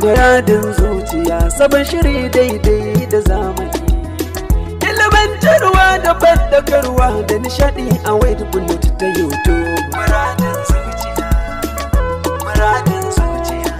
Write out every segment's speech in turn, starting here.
Muradin zuciya sabon shiri daidai da zamani. Ilimantarwa da bandagarwa da nishadi a wade bullet ta YouTube. Muradin zuciya, muradin zuciya.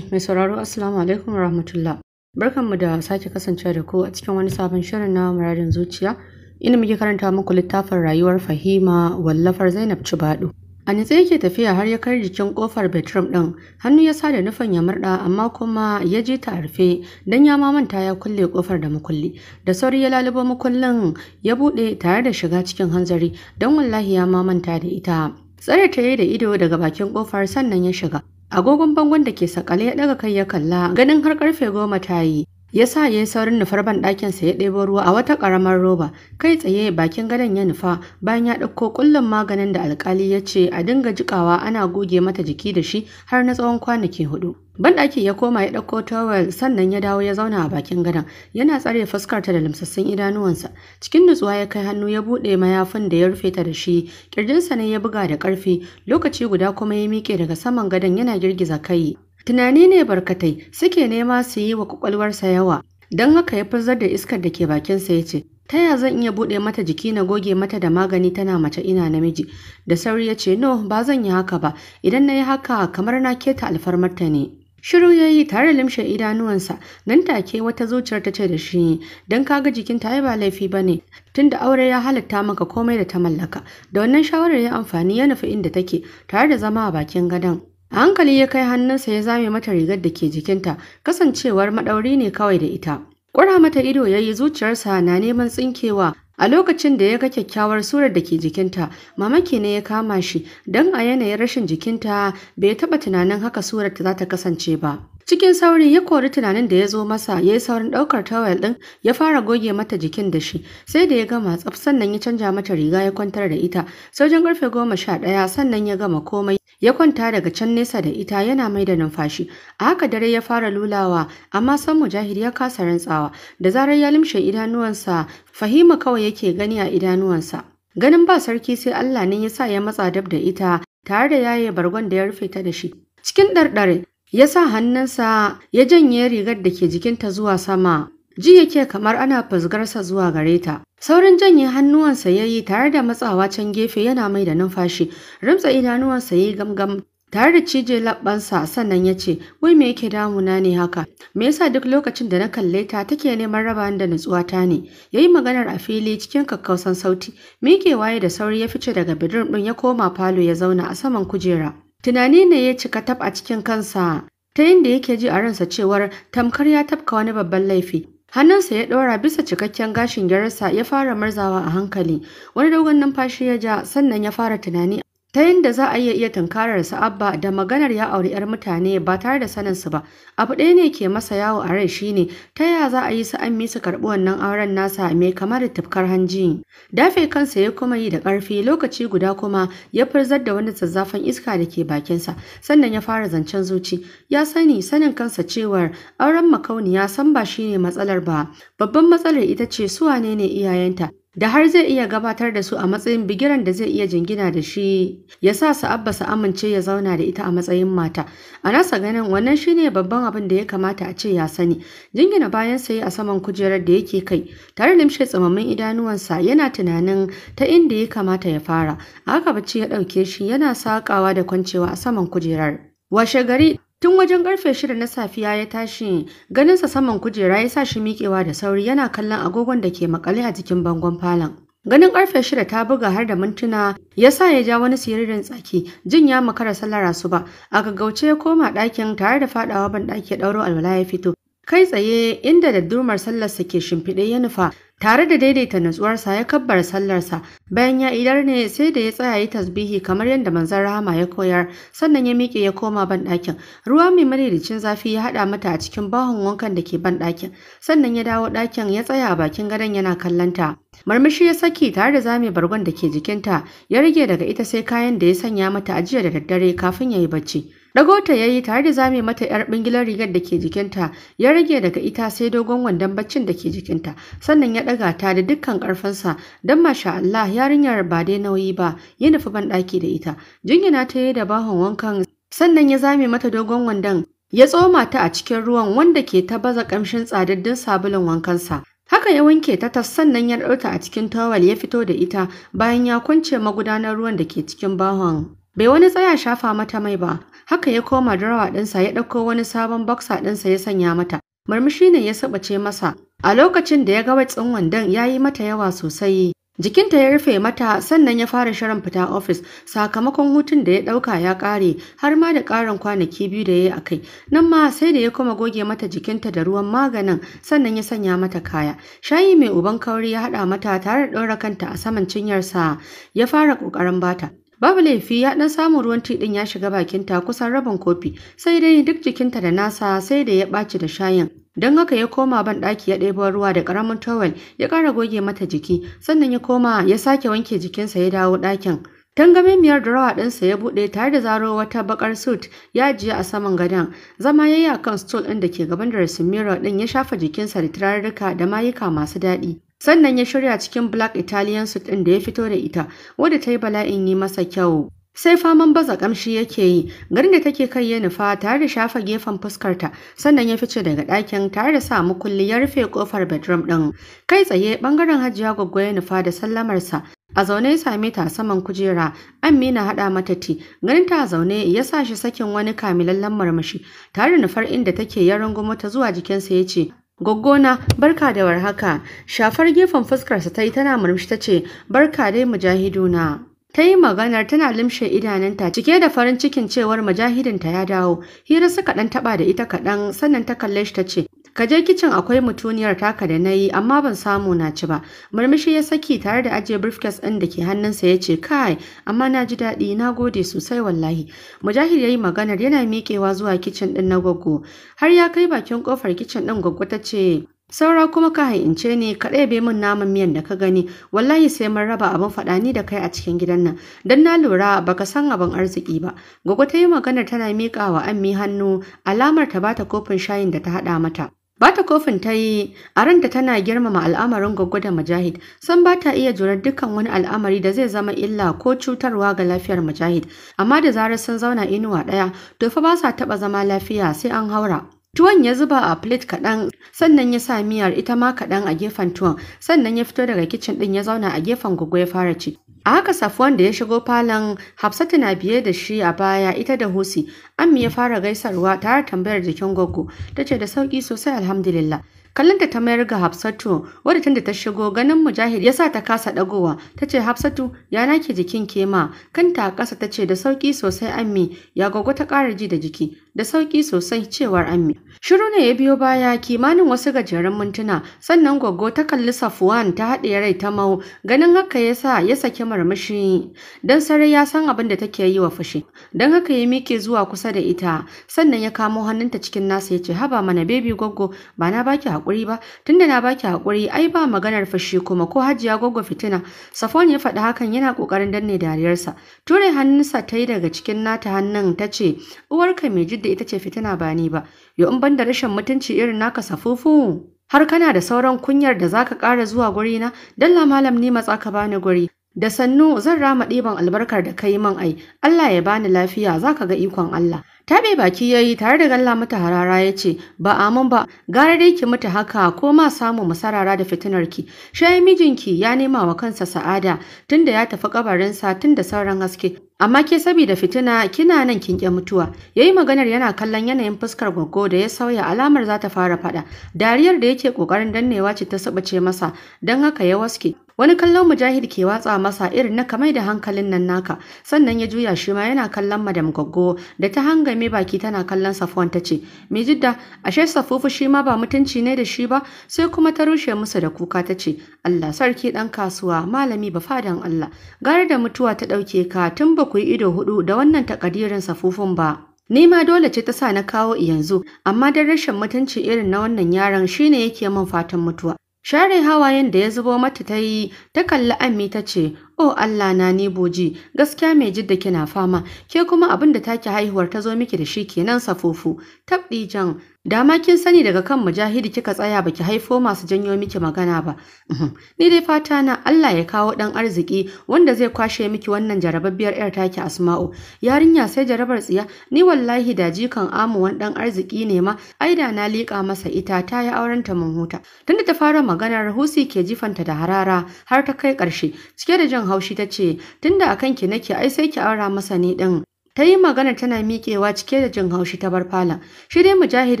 Mai sauraro Assalamu alaikum rahmatullah. Barkanmu da sake kasancewa da ku a cikin wani sabon shirin na muradin zuciya. Inda muke karanta muku littafin rayuwar Fahima wallafar Zainab Cibaɗo A nitsa yake tafiya har ya kai jikin kofar bedroom ɗin, hannu ya sa da nufin ya murda amma kuma ya ji ta rufe don ya ma manta ya kulle kofar da mukulli Da sauri ya lalubo makullin ya bude tare da shiga cikin hanzari don wallahi ya ma manta da ita. Tsare ta yi da ido daga bakin kofar sannan ya shiga. Agogon bangon da ke sakale ya daga kai ya kalla ganin har karfe goma ta yi ya sa ya yi saurin nufar ban ɗakinsa ya ɗebo ruwa a wata ƙaramar roba kai tsaye bakin gadon ya nufa bayan ya ɗauko ƙullin maganin da alƙali ya ce a dinga jiƙawa ana goge mata jiki da shi har na tsawon kwanaki hudu banɗaki ya koma ya ɗauko towel sannan ya dawo ya zauna a bakin gadon yana tsare fuskarta da limsassun idanuwansa cikin nutsuwa ya kai hannu ya buɗe mayafin da ya rufe ta da shi ƙirjinsa ne ya buga da ƙarfi lokaci guda kuma ya miƙe daga saman gadon yana girgiza kai Tunani ne barkatai suke nema su yi wa kwakwalwarsa yawa, don haka ya furzar da iskar da ke bakinsa ya ce, Ta ya zan iya buɗe mata jiki na goge mata da magani tana mace ina namiji? Da sauri ya ce, No, ba zan yi haka ba, idan na yi haka kamar na keta alfarmarta ne. Shiru ya yi tare limshe idanuwansa, nan take wata zuciyar ta ce da shi, don kaga jikinta ai ba laifi ba ne, tunda aure ya halatta maka komai da ta mallaka. Da wannan shawarar ya amfani ya nufi inda take, tare da zama a bakin gadon. A hankali ya kai hannunsa ya zame mata rigar da ke jikinta, kasancewar maɗauri ne kawai da ita. Ƙura mata ido ya yi zuciyarsa na neman tsinkewa a lokacin da ya ga kyakkyawar surar da ke jikinta, mamaki ne ya kama shi don a yanayin rashin jikinta bai taɓa tunanin haka surar ta za ta kasance ba. Cikin sauri ya kori tunanin da ya zo masa ya yi saurin ɗaukar tawel ɗin ya fara goge mata jikin da shi sai da ya gama tsaf sannan ya canja mata riga ya kwantar da ita. sojan ƙarfe goma sha ɗaya sannan ya gama komai ya kwanta daga can nesa da ita yana mai da numfashi a haka dare ya fara lulawa amma san mujahid ya kasa rantsawa da zarar ya limshe idanuwansa fahima kawai yake gani a idanuwansa ganin ba sarki sai Allah ne ya sa ya matsa dab da ita tare da yaye bargon da ya rufe ta da shi cikin ɗarɗare ya sa hannunsa ya janye rigar da ke jikinta zuwa sama Ji yake kamar ana fusgarsa zuwa gare ta. Saurin janye hannuwansa ya yi tare da matsawa can gefe yana mai da numfashi, rimtsa idanuwansa ya yi gamgam tare da cije labbansa sannan ya ce, wai me yake damuna ne haka? Me yasa duk lokacin da na kalle ta take neman raba da nutsuwata ne? Ya yi maganar a fili cikin kakkausan sauti, miƙe waye da sauri ya fice daga bidirin ɗin ya koma falo ya zauna a saman kujera. Tunani ne ya cika tab a cikin kansa ta yinda yake ji a ransa cewar tamkar ya tafka wani babban laifi Hannunsa ya ɗora bisa cikakken gashin gyararsa ya fara marzawa a hankali. Wani dogon numfashi ya ja sannan ya fara tunani ta yadda za a iya iya tunkarar sa'abba da maganar ya auri yar mutane ba tare da sanin su ba abu ɗaya ne ke masa yawo a rai shine ta ya za a yi su an misa karɓi wannan auren nasa mai kamar da tufkar hanji dafe kansa ya kuma yi da ƙarfi lokaci guda kuma ya furzar da wani zazzafan iska da ke bakinsa sannan ya fara zancen zuci ya sani sanin kansa cewar auren makauniya san ba shine matsalar ba babban matsalar ita ce su wane ne iyayenta da har zai iya gabatar da su a matsayin bigiran da zai iya jingina da shi ya sa su Abba su amince ya zauna da ita a matsayin mata a nasa ganin wannan shine babban abin da ya kamata a ce ya sani jingina bayan sayi a saman kujerar da yake kai tare da mishe tsamamin idanuwansa yana tunanin ta inda ya kamata ya fara haka bacci ya ɗauke shi yana sakawa da kwancewa a saman kujerar washe gari Tun wajen karfe shida na safiya ya tashi, ganinsa saman kujera ya sa shi miƙewa da sauri yana kallon agogon da ke makale a jikin bangon falon. Ganin karfe shida ta buga har da mintuna ya sa ya ja wani siririn tsaki, jin ya makara sallara su ba, a gaggauce ya koma ɗakin tare da faɗawa ban ɗaki ya ɗauro alwala ya fito. Kai tsaye inda da durmar sallarsa ke shimfiɗe ya nufa, tare da daidaita nutsuwarsa ya kabbar sallarsa bayan ya idar ne sai da ya tsaya yi tasbihi kamar yadda manzon rahama ya koyar sannan ya miƙe ya koma ban ɗakin ruwa mai madaidaicin zafi ya haɗa mata a cikin bahon wankan da ke ban ɗakin sannan ya dawo ɗakin ya tsaya a bakin gadon yana kallonta marmashi ya saki tare da zame bargon da ke jikinta ya rage daga ita sai kayan da ya sanya mata a jiya da daddare kafin ya yi bacci Dagota ya yi tare da zame mata ‘yar bingilar rigar da ke jikinta, ya rage daga ita sai dogon wandon baccin da ke jikinta, sannan ya ɗaga ta da dukkan ƙarfinsa, don masha Allah yarinyar ba dai nauyi ba, ya nufi banɗaki da ita. Jingina ta yi da bahon wankan, sannan ya zame mata dogon wandon, ya tsoma ta a cikin ruwan wanda ke ta baza ƙamshin tsadaddin sabulun wankansa. Haka ya wanke ta tas sannan ya ɗauta a cikin tawal ya fito da ita bayan ya kwance magudanar ruwan da ke cikin bahon Bai wani tsaya shafa mata mai ba, haka ya koma drawer ɗinsa ya ɗauko wani sabon boxer ɗinsa ya sanya mata. Murmushi ne ya sabace masa. A lokacin da ya ga watsin wandon ya yi mata yawa sosai. Jikinta ya rufe mata sannan ya fara shirin fita ofis sakamakon hutun da ya ɗauka ya ƙare har ma da ƙarin kwanaki biyu da ya yi a kai. Nan ma sai da ya kuma goge mata jikinta da ruwan maganin sannan ya sanya mata kaya. Shayi mai uban kauri ya haɗa mata tare da ɗora kanta a saman cinyarsa ya fara ƙoƙarin bata. Babu laifi ya ɗan samu ruwan tiɗin ya shiga bakinta kusan rabin kofi, sai dai duk jikinta da nasa sai da ya ɓaci da shayin. Don haka ya koma ban ɗaki ya ɗebo ruwa da ƙaramin towel ya ƙara goge mata jiki, sannan ya koma ya sake wanke jikinsa ya dawo ɗakin. Tangamemiyar drawer ɗinsa ya buɗe tare da zaro wata bakar suit ya ajiye a saman gadon. Zama ya yi a kan stool ɗin da ke gaban da dressing mirror ɗin ya shafa jikinsa da turarruka da mayuka masu daɗi. sannan ya shirya cikin black italian suit ɗin da ya fito da ita wadda ta yi bala'in yi masa kyau sai faman baza kamshi yake yi garin da take kai ya nufa tare da shafa gefen fuskarta sannan ya fice daga ɗakin tare da sa mukulli ya rufe kofar bedroom ɗin kai tsaye ɓangaren hajiya gwaggwa ya nufa da sallamarsa a zaune ya same ta saman kujera amina haɗa mata ti ganin ta zaune ya sa shi sakin wani kamilallen marmashi tare da nufar inda take ya rungumo ta zuwa jikinsa ya ce Goggona, barka da warhaka. Shafar gefen fuskarsa ta yi tana murmushi ta ce, Barka dai mujahiduna. Ta yi maganar tana limshe idanunta cike da farin cikin cewar mujahidinta ya dawo. Hira suka ɗan taɓa da ita kaɗan sannan ta kalle shi ta ce, Ka je kicin akwai mutuniyar taka da na yi amma ban samu na ci ba. Murmushi ya saki tare da ajiye briefcase ɗin da ke hannunsa ya ce kai amma na ji daɗi na gode sosai wallahi. Mujahid ya yi maganar yana miƙewa zuwa kicin ɗin na gwaggo. Har ya kai bakin ƙofar kicin ɗin gwaggo ta ce Saura kuma ka haince ne ka bai min naman miyan da ka gani wallahi sai mun raba abin faɗa ni da kai a cikin gidan nan don na lura baka san abin arziki ba gwaggo ta yi maganar tana miƙa wa ammi hannu alamar ta bata kofin shayin da ta haɗa mata Bata kofin ta yi a ranta tana girmama al'amarin gwaggo da Mujahid, san ba ta iya jurar dukkan wani al'amari da zai zama illa ko cutarwa ga lafiyar Mujahid, amma da zarar sun zauna inuwa ɗaya, to fa ba sa taɓa zama lafiya sai an haura. Tuwon ya zuba a plate kaɗan, sannan ya sa miyar ita ma kaɗan a gefen tuwon, sannan ya fito daga kicin ɗin ya zauna a gefen gwaggo ya fara ci. A haka safuwan da ya shigo falon Hafsatu na biye da shi a baya ita da Husi. Ammi ya fara gaisarwa tare tambayar jikin Goggo. Ta ce da sauki sosai alhamdulillah. Kallonta ta mayar ga Hafsatu wadda da ta shigo ganin Mujahid ya sa ta kasa dagowa. Ta ce Hafsatu ya nake jikin kema Kanta a ƙasa ta ce da sauki sosai Ammi ya gogo ta ƙara ji da jiki. da sauki sosai cewar Ami. Shiru ne ya biyo baya kimanin wasu gajeren mintuna sannan gwaggo ta kalli Safuwan ta haɗe rai ta mau ganin haka ya sa ya saki marmashi Don sare ya san abin da take yi wa fushi Don haka ya mike zuwa kusa da ita sannan ya kamo hannunta cikin nasa ya ce haba mana bebi gwaggo ba na baki haƙuri ba tunda na baki haƙuri, ai ba maganar fushi kuma ko hajiya gwaggo fitina Safuwan ya faɗi hakan yana kokarin danne dariyarsa ture hannunsa ta yi daga cikin nata hannun ta ce uwarka mai jidda yadda ita ce fitina ba ni ba, yo in ban da rashin mutunci irin naka safufu. Har kana da sauran kunyar da zaka ƙara zuwa gurina, dalla malam ni matsa ka bani guri. Da sannu zan rama ɗiban albarkar da ka yi min ai, Allah ya bani lafiya za ka ga ikon Allah. Tabe baki ya yi tare da galla mata harara ya ce, Ba amin ba, gara dai ki mutu haka ko ma samu masarara da fitinar ki. Shayi mijinki ya nema wa kansa sa'ada tunda ya tafi kabarinsa tunda sauran haske. Amma ke sabida fitina kina nan kin ƙi mutuwa. Yayi maganar yana kallon yanayin fuskar goggo da ya sauya alamar za ta fara faɗa. Dariyar da yake ƙoƙarin dannewa ce ta ce masa, don haka ya waske. wani kallon mujahid ke watsa masa irin na kamai da hankalin nan naka sannan ya juya shi ma yana kallon madam goggo da ta hangame baki tana kallon safuwan ta ce me jidda ashe safufu shi ma ba mutunci ne da shi ba sai kuma ta rushe musu da kuka ta ce Allah sarki dan kasuwa malami ba fadan Allah gare da mutuwa ta ɗauke ka tun ba ku yi ido hudu da wannan takadirin safufun ba Ni ma dole ce ta sa na kawo yanzu, amma dan rashin mutunci irin na wannan yaron shine yake min fatan mutuwa. Share hawayen da ya zubo mata ta yi, ta kalli Ammi ta ce, "O oh Allah na ni boji, gaskiya mai jidda kina fama, ke kuma abin da take haihuwar ta zo miki da shi kenan safofu." tabdijan, jan, Dama kin sani daga kan mujahidi kika tsaya baki haifo masu janyo miki magana ba. Uhm, ni dai fata na Allah ya kawo dan arziki wanda zai kwashe miki wannan jarababbiyar yar taki Asma'u. Yarinya sai jarabar tsiya, ni wallahi da jikan amuwan dan arziki ne ma, ai na liƙa masa ita ta yi auren ta mun huta. Tunda ta fara maganar Husi ke jifanta da harara har ta kai ƙarshe, cike da jin haushi ta ce, tunda akan ki nake ai sai ki aura masa ni din. ta yi magana tana miƙewa cike da jin haushi ta bar falon shi dai mujahid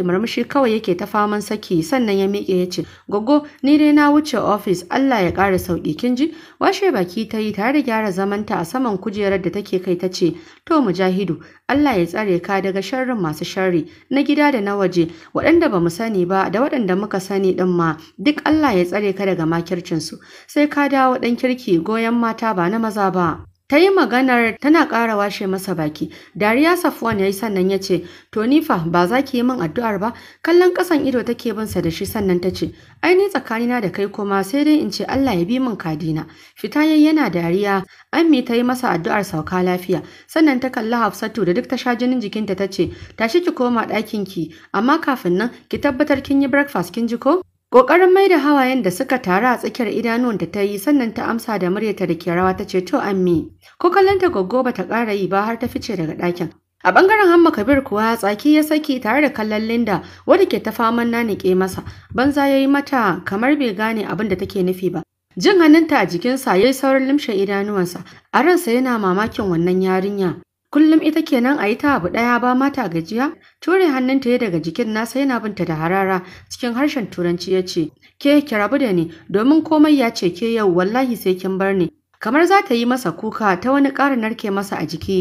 murmushi kawai yake ta faman saki sannan ya miƙe ya ce gogo ni dai na wuce ofis allah ya ƙara sauƙi kin ji washe baki ta yi tare da gyara zamanta a saman kujerar da take kai ta ce to mujahidu allah ya tsare ka daga sharrin masu sharri na gida da na waje waɗanda ba mu sani ba da waɗanda muka sani ɗin ma duk allah ya tsare ka daga makircinsu sai ka dawo ɗan kirki goyon mata ba na maza ba Ta yi maganar tana ƙara washe masa baki. Dariya Safwan ya yi sannan ya ce, To nifa, ba za ki yi min addu'ar ba, kallon ƙasan ido take bin sa da shi sannan ta ce, Ai ni tsakanina da kai koma, sai dai in ce Allah ya bi min kadina. Fita yayi yana dariya, Ammi ta yi masa addu'ar sauka lafiya, sannan ta kalli Hafsatu da duk ta sha jinin jikinta ta ce, Tashi ki koma ɗakin ki, amma kafin nan ki tabbatar kin yi breakfast kin ji ko? Ƙoƙarin mai da hawayen da suka taru a tsakiyar idanuwan ta yi sannan ta amsa da muryata da ke rawa ta ce to ammi ko ta goggo ba ta ƙara yi ba har ta fice daga ɗakin. A ɓangaren Hamma Kabir kuwa tsaki ya saki tare da kallon Linda wadda ke ta faman nanike masa banza ya yi mata kamar bai gane abin da take nufi ba. Jin hannunta a jikinsa ya yi saurin limshe idanuwansa a ransa yana mamakin wannan yarinya kullum ita kenan a yi ta abu ɗaya ba mata gajiya ture hannunta ya daga jikin nasa yana binta da harara cikin harshen turanci ya ce ke ki rabu da ni domin komai ya ce ke yau wallahi sai kin bar ni kamar za ta yi masa kuka ta wani ƙara narke masa a jiki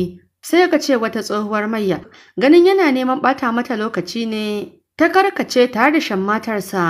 sai ka ce wata tsohuwar mayya ganin yana neman ɓata mata lokaci ne ta karkace tare da shan matarsa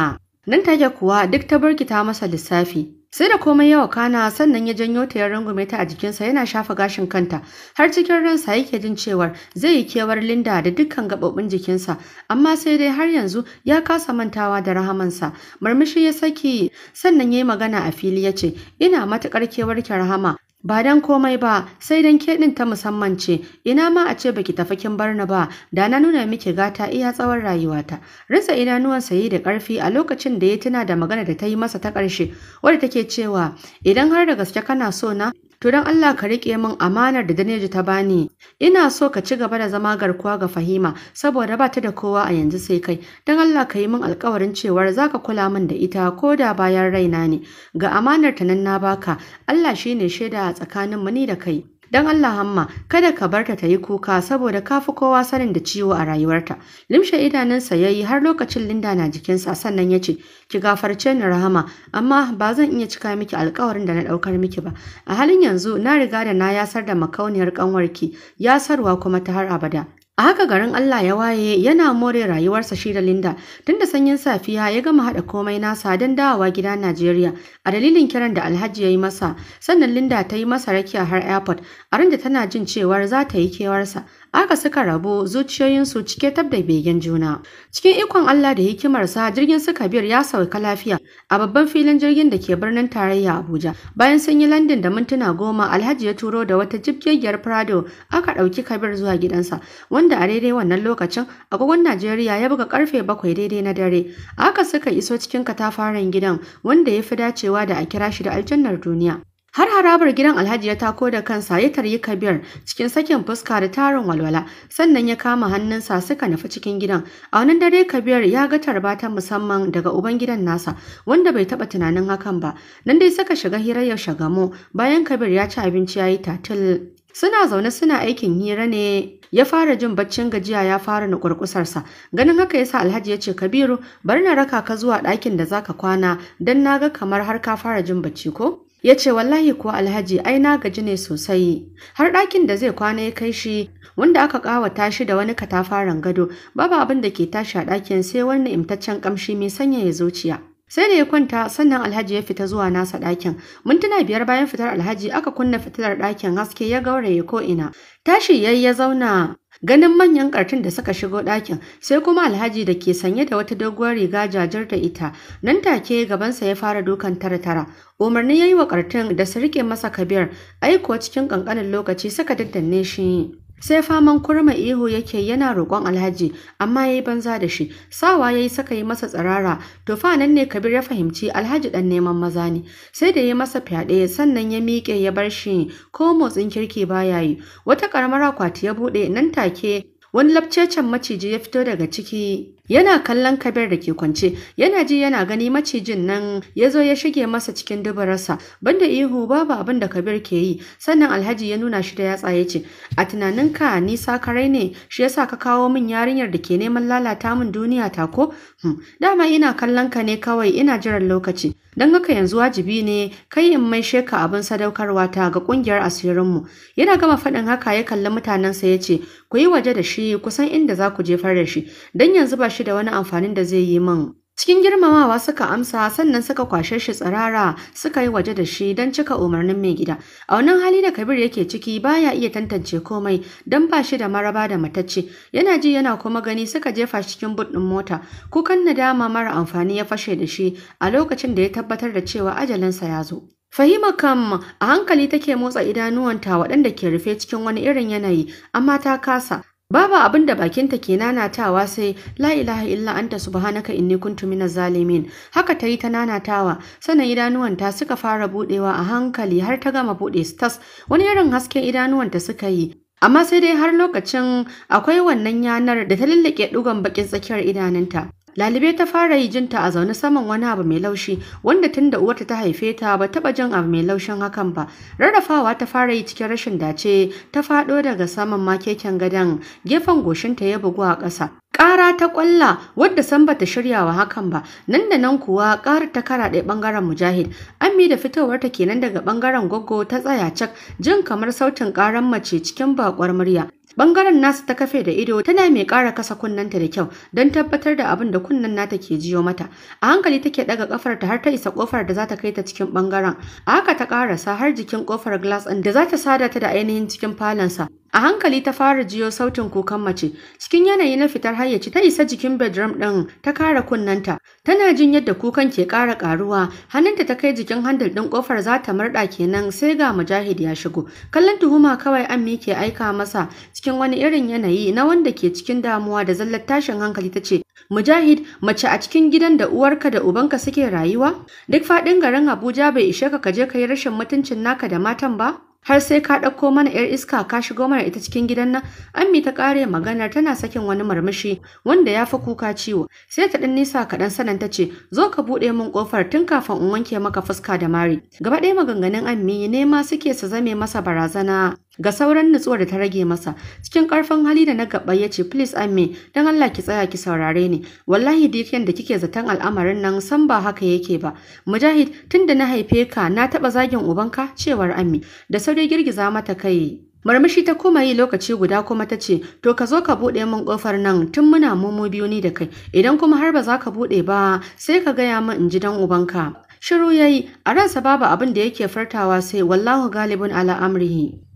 nan take kuwa duk ta burkita masa lissafi sai da komai yawa kana sannan ya janyo ta ya rangume ta a jikinsa yana shafa gashin kanta har cikin ransa yake jin cewar zai yi kewar Linda da dukkan gaɓoɓin jikinsa amma sai dai har yanzu ya kasa mantawa da rahamansa murmushi ya saki sannan ya yi magana a fili ya ce ina matuƙar kewar ki rahama Ba dan komai ba, sai dan keɗin ta musamman ce, ina ma a ce baki tafi kin bar ba, da na nuna miki gata iya tsawon rayuwata. Rinsa idanuwan sayi da karfi a lokacin da ya tuna da magana da ta yi masa ta karshe wadda take cewa, idan har da gaske kana so na, To don Allah ka riƙe min amanar da Daneji ta bani. Ina so ka ci gaba da zama garkuwa ga Fahima saboda ba ta da kowa a yanzu sai kai. Don Allah ka yi min alƙawarin cewar za ka kula min da ita ko da bayan raina ne. Ga amanar ta nan na baka, Allah shine shaida a tsakanin mu ni da kai. Dan Allah hamma kada ka barta ta yi kuka saboda ka fi kowa sanin da ciwo a rayuwarta limshe idanunsa ya yi har lokacin Linda na jikinsa sannan ya ce ki gafarce ni rahama amma ba zan iya cika miki alkawarin da na ɗaukar miki ba a halin yanzu na riga da na yasar da makauniyar ƙanwarki yasarwa kuma ta har abada A haka garin Allah ya waye yana more rayuwarsa shi da Linda tunda sanyin safiya ya gama haɗa komai nasa don dawowa gida Najeriya a dalilin kiran da Alhaji ya yi masa sannan Linda ta yi masa rakiya har airport a da tana jin cewar za ta yi kewarsa Aka suka rabu zuciyoyinsu cike tab da begen juna. Cikin ikon Allah da hikimarsa jirgin su Kabir ya sauka lafiya a babban filin jirgin da ke birnin tarayya Abuja. Bayan sun yi landin da mintuna goma Alhaji ya turo da wata jibgegiyar Prado aka ɗauki Kabir zuwa gidansa wanda a daidai wannan lokacin agogon Najeriya ya buga karfe bakwai daidai na dare. Aka suka iso cikin katafaren gidan wanda ya fi dacewa da a kira shi da aljannar duniya. har harabar gidan alhaji ya tako da kansa ya taryi kabir cikin sakin fuska da tarin walwala sannan ya kama hannunsa suka nufi cikin gidan a wani dare kabir ya ga tarba ta musamman daga uban gidan nasa wanda bai taba tunanin hakan ba nan dai suka shiga hirayar shagamo bayan kabir ya ci abinci ya yi tatil suna zaune suna aikin hira ne ya fara jin baccin gajiya ya fara na kurkusarsa ganin haka yasa alhaji ya ce kabiru bari na raka ka zuwa ɗakin da zaka kwana don na ga kamar har ka fara jin bacci ko ya ce wallahi kuwa alhaji ai na gaji ne sosai har ɗakin da zai kwana ya kai shi wanda aka ƙawata shi da wani katafaren gado babu abin da ke tashi a ɗakin sai wani imtaccen ƙamshi mai sanya zo zuciya sai da ya kwanta sannan alhaji ya fita zuwa nasa ɗakin mintuna biyar bayan fitar alhaji aka kunna fitilar ɗakin haske ya gauraye ko ina tashi yayi ya zauna Ganin manyan ƙartun da suka shigo ɗakin sai kuma alhaji da ke sanye da wata doguwar riga jajar da ita nan take gabansa ya fara dukan tara-tara. Umarni ya yi wa ƙartun da su riƙe masa kabiyar aiko cikin ƙanƙanin lokaci suka daddanne shi. sai faman kurma ihu yake yana roƙon alhaji amma yayi banza da shi sawa yayi saka yi masa tsirara to fa nan ne kabir ya fahimci alhaji ɗan neman maza ne sai da ya masa fyaɗe sannan ya miƙe ya bar shi ko motsin kirki baya yi wata ƙaramar akwati ya buɗe nan take wani labcecen maciji ya fito daga ciki yana kallon kabir da ke kwance yana ji yana gani macijin nan ya zo ya shige masa cikin dubararsa banda ihu babu abin da kabir ke yi sannan alhaji ya nuna shi da yatsa ya ce a tunaninka nisa sakarai ne shi yasa ka kawo min yarinyar da ke neman lalata min duniya ta ko hmm, dama ina kallon ka ne kawai ina jiran lokaci don haka yanzu wajibi ne kai in mai sheka abin sadaukarwa ta ga kungiyar asirinmu yana gama faɗin haka ya kalli mutanensa ya ce ku yi waje da shi kusan inda za ku jefar da shi don yanzu ba shi da wani amfanin da zai yi min Cikin girmamawa suka amsa sannan suka kwashe shi tsirara suka yi waje da shi don cika umarnin mai gida. A wannan hali da Kabir yake ciki baya iya tantance komai don ba shi da maraba da matacce. Yana ji yana kuma gani suka jefa shi cikin bud mota. Kukan nadama mara amfani ya fashe da shi a lokacin da ya tabbatar da cewa ajalinsa ya zo. Fahima kam a hankali take motsa idanuwanta waɗanda ke rufe cikin wani irin yanayi, amma ta kasa, Babu abin da bakinta ke nanatawa sai la ilaha illa anta subhanaka inni kuntu minaz zalimin. Haka ta yi ta nanatawa, sanin idanuwanta suka fara budewa a hankali har ta gama bude stars Wani irin hasken idanuwanta suka yi. Amma sai dai har lokacin akwai wannan yanar da ta lallake dugan bakin tsakiyar idanunta. Lalibe ta fara yi jinta a zaune saman wani abu mai laushi wanda tun da uwarta ta haife ta ba taɓa jin abu mai laushin hakan ba. Rarrafawa ta fara yi cikin rashin dace ta faɗo daga saman makeken gadon gefen goshinta ya bugu a ƙasa. Ƙara ta ƙwalla wadda san bata shirya wa hakan ba, nan da nan kuwa ƙara ta kara ɗaya ɓangaren Mujahid. Ammi da fitowarta kenan daga ɓangaren goggo ta tsaya cak jin kamar sautin ƙaran mace cikin baƙwar murya. Bangaren nasa ta kafe da ido tana mai ƙara kasa kunnanta da kyau don tabbatar da abin da kunnen nata ke jiyo mata. A hankali take ɗaga ƙafarta har ta isa kofar da za ta kai ta cikin bangaren. A haka ta ƙarasa har jikin kofar glass ɗin da za ta sada ta da ainihin cikin falonsa. A hankali ta fara jiyo sautin kukan mace, cikin yanayi na fitar hayyaci ta isa jikin bedroom ɗin ta kara kunnanta. Tana jin yadda kukan ke ƙara ƙaruwa, hannunta ta kai jikin handle ɗin ƙofar za ta murɗa kenan sai ga Mujahid ya shigo. Kallon tuhuma kawai Ammi ke aika masa cikin wani irin yanayi na wanda ke cikin damuwa da zallar tashin hankali ta ce, Mujahid, mace a cikin gidan da uwarka da ubanka suke rayuwa? Duk faɗin garin Abuja bai ishe ka kaje ka yi rashin mutuncin naka da matan ba? har sai ka ɗauko mana 'yar iska ka shigo mana ita cikin gidan nan ammi ta ƙare maganar tana sakin wani marmashi wanda ya fi kuka ciwo sai ta ɗan nisa kaɗan sanan ta ce zo ka buɗe mun ƙofar tun kafin in wanke maka fuska da mari gaba ɗaya maganganun ammi nema suke su zame masa barazana ga sauran nutsuwar da ta rage masa cikin karfin hali da na gaba ya ce please ame don Allah ki tsaya ki saurare ni wallahi duk yanda kike zaton al'amarin nan san ba haka yake ba mujahid tunda na haife ka na taba zagin ubanka cewar ame da sauri girgiza mata kai Marmashi ta koma yi lokaci guda kuma ta ce, To ka zo ka buɗe min ƙofar nan tun muna mumu biyu ni da kai, idan kuma har ba za ka buɗe ba sai ka gaya min in ji dan ubanka. Shiru ya yi, a ransa babu abin da yake fartawa sai wallahu galibin ala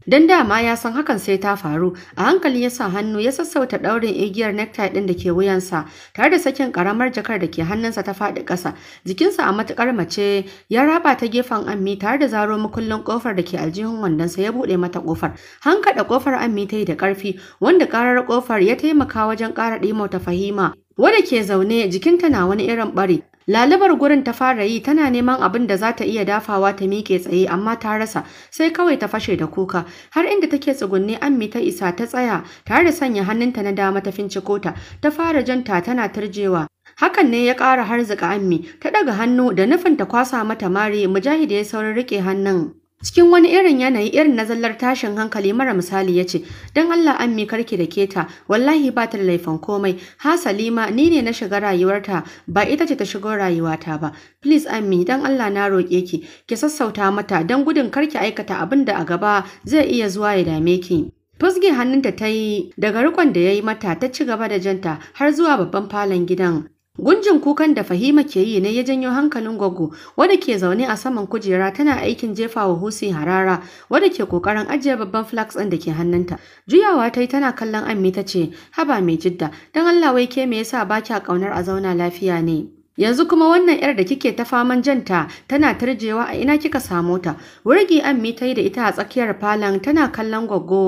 Don dama ya san hakan sai ta faru, a hankali ya sa hannu ya sassauta ɗaurin igiyar necktie ɗin da ke wuyansa, tare da sakin ƙaramar jakar da ke hannunsa ta faɗi ƙasa. Jikinsa a matuƙar mace ya raba ta gefen ammi tare da zaro makullin ƙofar da ke aljihun wandonsa ya buɗe mata ƙofar. Hankaɗa ƙofar ammi ta yi da ƙarfi, wanda ƙarar ƙofar ya taimaka wajen ƙara ɗimo ta fahima. Wadda ke zaune jikinta na wani irin ɓari, Lalibar gurin ta fara yi tana neman abin da za ta iya dafawa ta miƙe tsaye amma ta rasa sai kawai ta fashe da kuka har inda take tsugunne ammi ta isa ta tsaya tare da sanya hannunta na dama ta finciko ta ta fara janta tana turjewa Hakan ne ya ƙara harzika ammi ta ɗaga hannu da nufin ta kwasa mata mare mujahid ya saurin rike hannun Cikin wani irin yanayi irin na zallar tashin hankali mara misali ya ce, Don Allah an mi karki da ta, wallahi ba ta da laifin komai, ha Salima ni ne na shiga rayuwarta ba ita ce ta shigo rayuwata ba. Please Ammi, don Allah na roƙe ki, ki sassauta mata don gudun karki aikata abin da a gaba zai iya zuwa ya dame ki. Fusge hannunta ta yi daga rikon da ya yi mata ta ci gaba da janta har zuwa babban falon gidan. Gunjin kukan da Fahima ke yi ne ya janyo hankalin Gwaggo, wadda ke zaune a saman kujera tana aikin jefa wa Husi harara, wadda ke kokarin ajiye babban flax ɗin da ke hannunta. Juyawa ta yi tana kallon Ammi ta ce, "Haba mai jidda, don Allah wai ke me yasa ba kya ƙaunar a zauna lafiya ne?" yanzu kuma wannan yar da kike ta faman janta tana tarjewa a ina kika samo ta wurgi ammi ta yi da ita a tsakiyar falon tana kallon gwaggo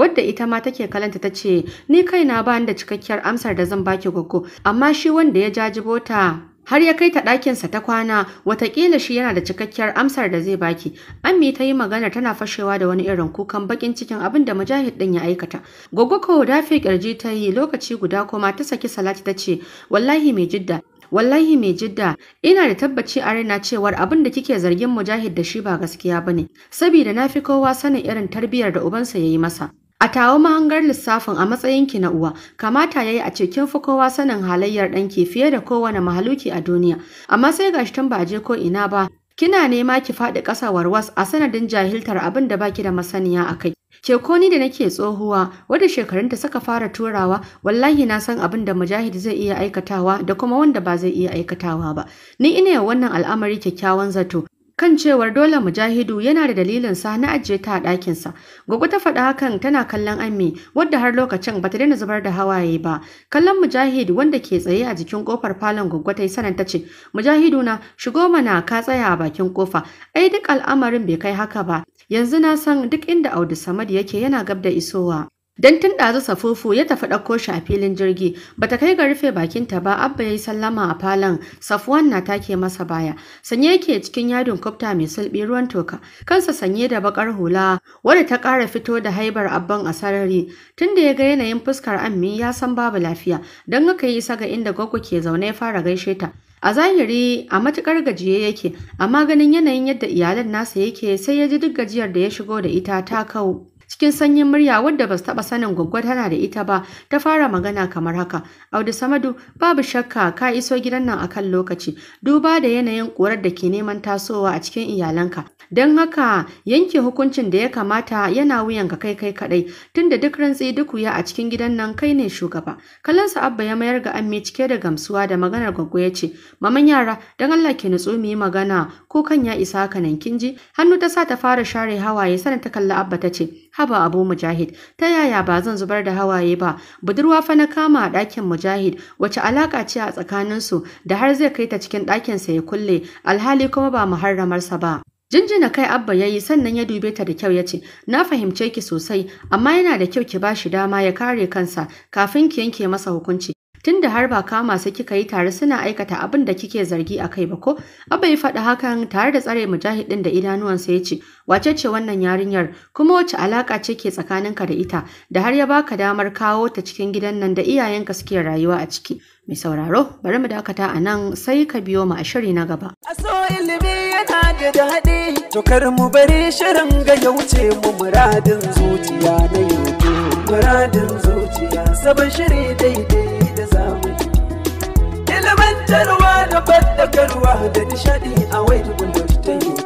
wadda ita ma take kalanta ta ce ni kaina ba da cikakkiyar amsar da zan baki gwaggo amma shi wanda ya jajibo ta har ya kai ta ɗakinsa ta kwana watakila shi yana da cikakkiyar amsar da zai baki ammi ta yi magana tana fashewa da wani irin kukan bakin cikin abin da mujahid ɗin ya aikata Goggo ko dafe kirji ta yi lokaci guda kuma ta saki salati ta ce wallahi mai jidda wallahi mai jidda ina da tabbaci a raina cewar abin da kike zargin mujahid da shi ba gaskiya ba ne. saboda na fi kowa sanin irin tarbiyyar da ubansa ya yi masa A tawo mahangar lissafin a matsayinki na uwa, kamata yi a ce kin fi kowa sanin halayyar ɗanki fiye da kowane mahaluki a duniya, amma sai gashi tun ba a je ko ina ba, kina nema ki faɗi ƙasa warwas a sanadin jahiltar abin da baki da masaniya a kai. Teko ni da nake tsohuwa wadda shekarunta suka fara turawa wallahi na san abin da mujahid zai iya aikatawa da kuma wanda ba zai iya aikatawa ba ni ina wannan al'amari kyakkyawan zato kan cewar dole mujahidu yana da dalilin sa na ajiye ta a ɗakinsa. Gogo ta faɗa hakan tana kallon Ami, wadda har lokacin ba ta daina zubar da hawaye ba. Kallon Mujahid wanda ke tsaye a jikin kofar falon gogo ta yi sanan ce, "Mujahidu na shigo mana ka tsaya a bakin kofa. Ai duk al'amarin bai kai haka ba. yanzu na san duk inda Audu Samad yake yana gab da isowa. Dan tun ɗazu safufu ya tafi ɗauko shi a filin jirgi, bata kai ga rufe bakinta ba Abba ya yi sallama a falon, safuwan na take masa baya. Sanye yake cikin yadin kwafta mai sulɓi ruwan toka, kansa sanye da baƙar hula, wadda ta ƙara fito da haibar abban a sarari. Tun da ya ga yanayin fuskar ammi ya san babu lafiya, don haka yi ga inda gwaggo ke zaune ya fara gaishe ta. a zahiri a matukar gajiye yake amma ganin yanayin yadda iyalan nasa yake sai ya ji duk gajiyar da ya shigo da ita ta kau cikin sanyin murya wadda ba su taɓa sanin gwaggwa tana da ita ba ta fara magana kamar haka audu samadu babu shakka ka iso gidan nan akan lokaci duba da yanayin ƙurar da ke neman tasowa a cikin iyalanka don haka yanke hukuncin da ya kamata yana wuyan wuyanka kai kai kaɗai tunda duk rantsi duk wuya a cikin gidan nan kai ne shugaba kallonsa abba ya mayar ga amme cike da gamsuwa da maganar gwaggo ya ce maman yara don allah ki nutsu mu yi magana ko kan ya isa haka nan kin ji hannu ta sa ta fara share hawaye sanin ta kalli abba ta ce haba abu mujahid ta yaya ba zan zubar da hawaye ba budurwa fa na kama a ɗakin mujahid wace alaka ce a tsakaninsu da har zai kai ta cikin ɗakinsa ya kulle alhali kuma ba muharramarsa ba Jinjina kai Abba ya yi sannan ya dube ta da kyau ya ce, Na fahimce ki sosai, amma yana da kyau ki ba shi dama ya kare kansa kafin ki yanke masa hukunci. Tun da har ba kama su kika yi tare suna aikata abin da kike zargi a kai ba ko abba ya faɗi hakan tare da tsare mujahidin da idanuwansa ya ce wace ce wannan yarinyar kuma wace alaka ce ke tsakaninka da ita da har ya baka damar kawo ta cikin gidan nan da iyayenka suke rayuwa a ciki mai sauraro bari mu dakata a nan sai ka biyo mu a shiri na gaba aso ilimi yana da daɗi to kar mu bari shirin ga ya wuce mu muradin zuciya na yau muradin zuciya sabon shiri daidai Ilmantarwa da fadakarwa da nishadi a wai tukunan ta yi.